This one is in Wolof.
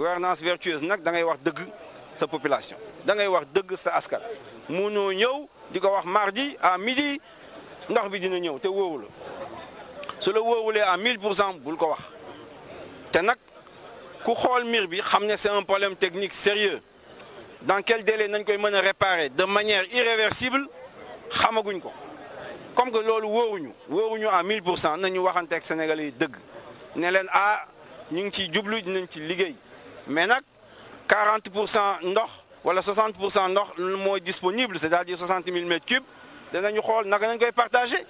gouvernance vertueuse nak da ngay wax deug sa population da ngay wax deug sa askan munoo ñëw di wax mardi à midi ndox bi dina ñew te wóowu su le wóowulee à 1000 pour bul ko wax te nak ku xol mir bi xam c'est un problème technique sérieux dans quel délai nañ koy mën réparer de manière irréversible xamaguñ ko comme que lolu wóoruñu wóoruñu à 1000 nañu cent ak Sénégalais deug dëgg ne leen ah ñu ngi ci djublu dinañ ci liggéey Maintenant, 40 nord 60 nord le mot disponible c'est-à-dire 60 000 mètres cubes Nous allons partager.